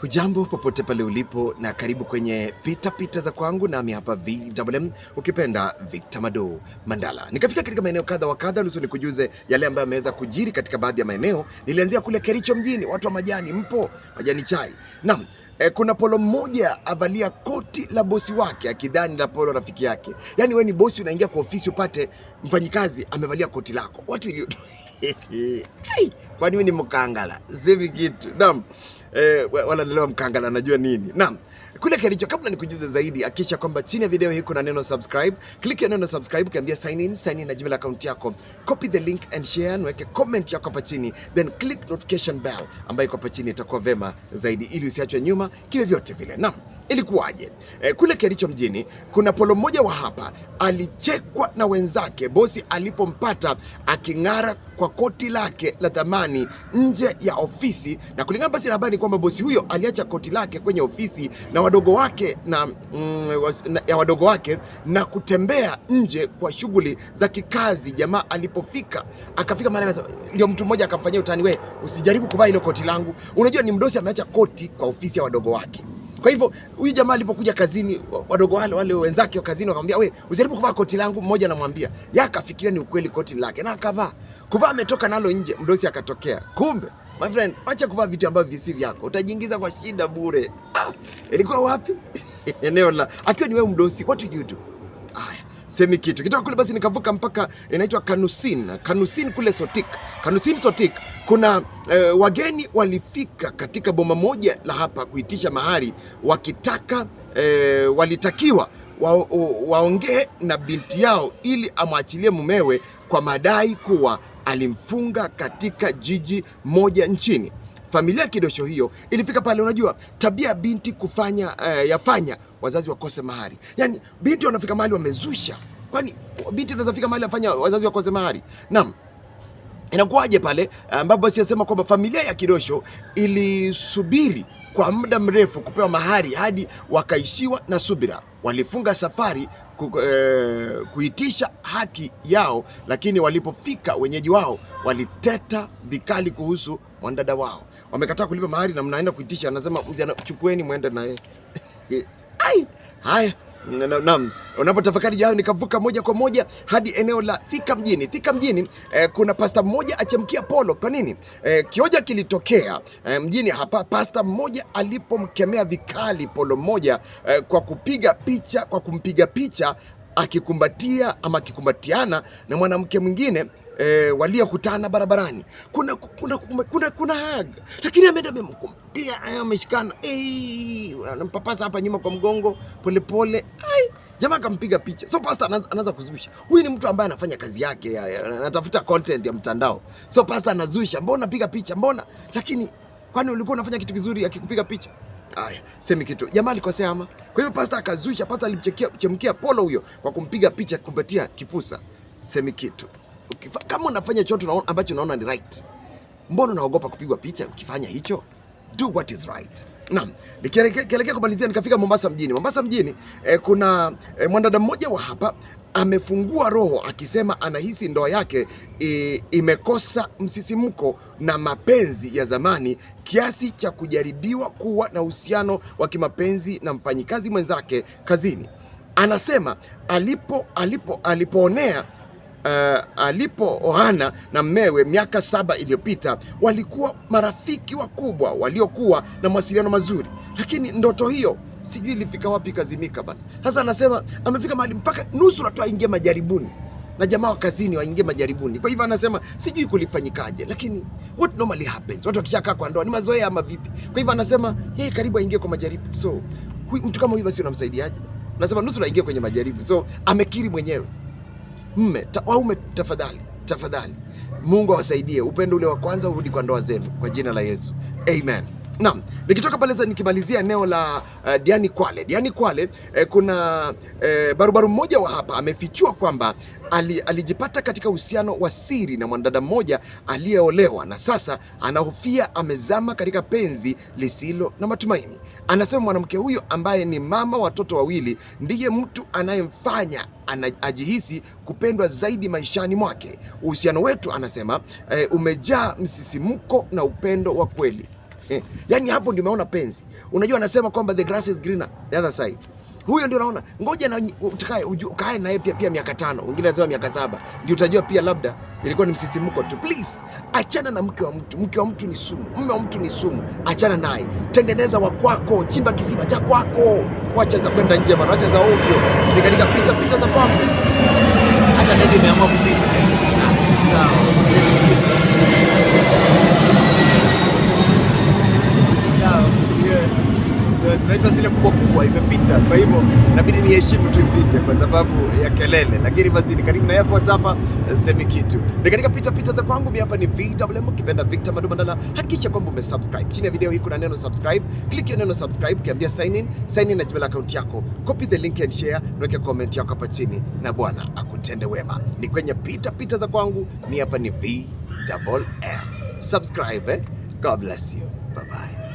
Hujambo popote pale ulipo na karibu kwenye pita pita za kwangu, nami hapa VMM ukipenda Victor Mado Mandala. Nikafika katika maeneo kadha wa kadha, nusu nikujuze yale ambayo yameweza kujiri katika baadhi ya maeneo. Nilianzia kule Kericho mjini, watu wa majani, mpo majani chai. Naam. E, kuna polo mmoja avalia koti la bosi wake akidhani la polo rafiki yake. Yaani wewe ni bosi, unaingia kwa ofisi upate mfanyikazi amevalia koti lako, watu ilio kwani wewe ni mkangala, semi kitu naam eh, wala lelewa mkangala anajua nini. Naam, kule Kericho, kabla nikujuze zaidi, hakikisha kwamba chini ya video hii kuna neno subscribe. Click ya neno subscribe, ukiambia sign in, sign in na Gmail account yako. Copy the link and share, niweke comment yako hapa chini, then click notification bell ambayo iko hapa chini, itakuwa vema zaidi ili usiachwe nyuma kiwe vyote vile. Naam, ilikuwaje? Eh, kule Kericho mjini kuna polo mmoja wa hapa alichekwa na wenzake bosi alipompata aking'ara kwa koti lake la thamani nje ya ofisi, na kulingana basi na habari kwamba bosi huyo aliacha koti lake kwenye ofisi na wadogo wake na, mm, na, ya wadogo wake na kutembea nje kwa shughuli za kikazi. Jamaa alipofika akafika mahali ndio mtu mmoja akamfanyia utani, we usijaribu kuvaa ile koti langu, unajua ni mdosi ameacha koti kwa ofisi ya wadogo wake. Kwa hivyo huyu jamaa alipokuja kazini, wadogo wale wale wenzake wa kazini wakamwambia, we usijaribu kuvaa koti langu, mmoja anamwambia yakafikiria ni ukweli koti lake na akavaa. Kuvaa ametoka nalo nje, mdosi akatokea, kumbe My friend, acha kuvaa vitu ambavyo visi vyako, utajiingiza kwa shida bure. Ilikuwa wapi? Eneo la akiwa ni wewe mdosi, what do you do? Aya, semi kitu kitoka kule basi, nikavuka mpaka inaitwa Kanusin, Kanusin kule Sotik, Kanusin Sotik kuna e, wageni walifika katika boma moja la hapa kuitisha mahari wakitaka e, walitakiwa waongee na binti yao ili amwachilie mumewe kwa madai kuwa alimfunga katika jiji moja nchini. Familia ya kidosho hiyo ilifika pale. Unajua tabia ya binti kufanya uh, yafanya wazazi wakose mahari, yaani binti wanafika mahali wamezusha. Kwani binti anaweza fika mahali afanya wazazi wakose mahari? Naam. Inakuwaje pale ambapo basi yasema kwamba familia ya kidosho ilisubiri kwa muda mrefu kupewa mahari hadi wakaishiwa na subira walifunga safari ku, e, kuitisha haki yao, lakini walipofika wenyeji wao waliteta vikali kuhusu mwandada wao. Wamekataa kulipa mahari na mnaenda kuitisha, anasema mzee, chukueni mwende naye. haya Naam, unapotafakari jao nikavuka moja kwa moja hadi eneo la Thika mjini. Thika mjini eh, kuna pasta mmoja achemkia polo. Kwa nini? Eh, kioja kilitokea eh, mjini hapa, pasta mmoja alipomkemea vikali polo mmoja eh, kwa kupiga picha, kwa kumpiga picha akikumbatia ama akikumbatiana na mwanamke mwingine e, waliokutana barabarani, kuna kuna kuna, kuna hag, lakini ameenda amemkumbatia, eh, ameshikana, eh, anampapasa hapa nyuma kwa mgongo polepole pole. Jamaa akampiga picha. So pasta anaanza kuzusha. Huyu ni mtu ambaye anafanya kazi yake, anatafuta ya, content ya mtandao. So pasta anazusha, mbona piga picha, mbona? Lakini kwani ulikuwa unafanya kitu kizuri akikupiga picha? aya semi kitu. Jamaa alikosea ama? Kwa hiyo pasta akazusha, pasta alimchemkia polo huyo kwa kumpiga picha kumpatia kipusa. Semi kitu. Ukifa, kama unafanya chochote ambacho unaona ni right. Mbona unaogopa kupigwa picha ukifanya hicho? Do what is right. Na nikielekea kumalizia nikafika Mombasa mjini. Mombasa mjini eh, kuna eh, mwanadada mmoja wa hapa amefungua roho akisema anahisi ndoa yake i, imekosa msisimko na mapenzi ya zamani kiasi cha kujaribiwa kuwa na uhusiano wa kimapenzi na mfanyikazi mwenzake kazini. Anasema alipo alipo alipoonea Uh, eh, alipooana na mmewe miaka saba iliyopita walikuwa marafiki wakubwa waliokuwa na mawasiliano mazuri, lakini ndoto hiyo sijui ilifika wapi ikazimika bana. Sasa anasema amefika mahali mpaka nusura tu aingie majaribuni na jamaa wa kazini waingie majaribuni. Kwa hivyo anasema sijui kulifanyikaje, lakini what normally happens, watu wakishakaa kwa ndoa ni mazoea ama vipi? Kwa hivyo anasema yeye karibu aingie kwa majaribu. So hui, mtu kama huyu basi unamsaidiaje? Anasema nusu aingie kwenye majaribu. So amekiri mwenyewe. Mme ta, waume, tafadhali tafadhali, Mungu awasaidie, upendo ule wa kwanza urudi kwa ndoa zenu, kwa jina la Yesu, amen. Naam, nikitoka pale nikimalizia eneo la uh, Diani Kwale. Diani Kwale eh, kuna eh, barubaru mmoja wa hapa amefichua kwamba ali, alijipata katika uhusiano wa siri na mwanadada mmoja aliyeolewa na sasa anahofia amezama katika penzi lisilo na matumaini. Anasema mwanamke huyo ambaye ni mama watoto wawili ndiye mtu anayemfanya ajihisi kupendwa zaidi maishani mwake. Uhusiano wetu, anasema eh, umejaa msisimko na upendo wa kweli eh. Yani hapo ndio umeona penzi. Unajua anasema kwamba the grass is greener the other side. Huyo ndio unaona. ngoja na utakaye ukae naye pia pia miaka tano, wengine wanasema miaka saba, ndio utajua pia labda ilikuwa ni msisimko tu. Please achana na mke wa mtu. Mke wa mtu ni sumu, mume wa mtu ni sumu. Achana naye, tengeneza wa kwako, chimba kisima cha kwako, wacha za kwenda nje bana, wacha za ovyo, nikanika pita pita za kwako. Hata ndege imeamua kupita sawa, sema kitu zinaitwa zile kubwa kubwa, imepita. Kwa hivyo inabidi niheshimu tu ipite kwa sababu ya kelele, lakini basi ni karibu na airport hapa, semi kitu ni katika pita pita za kwangu. Mimi hapa ni VMM, ukipenda Victor Madu Mandala. Hakikisha kwamba umesubscribe chini ya video hii, kuna neno subscribe, click hiyo neno subscribe, kiambia sign in, sign in na jina la account yako, copy the link and share, naweka comment yako hapa chini, na Bwana akutende wema. Ni kwenye pita pita za kwangu, mimi hapa ni VMM. Subscribe eh? God bless you. Bye bye.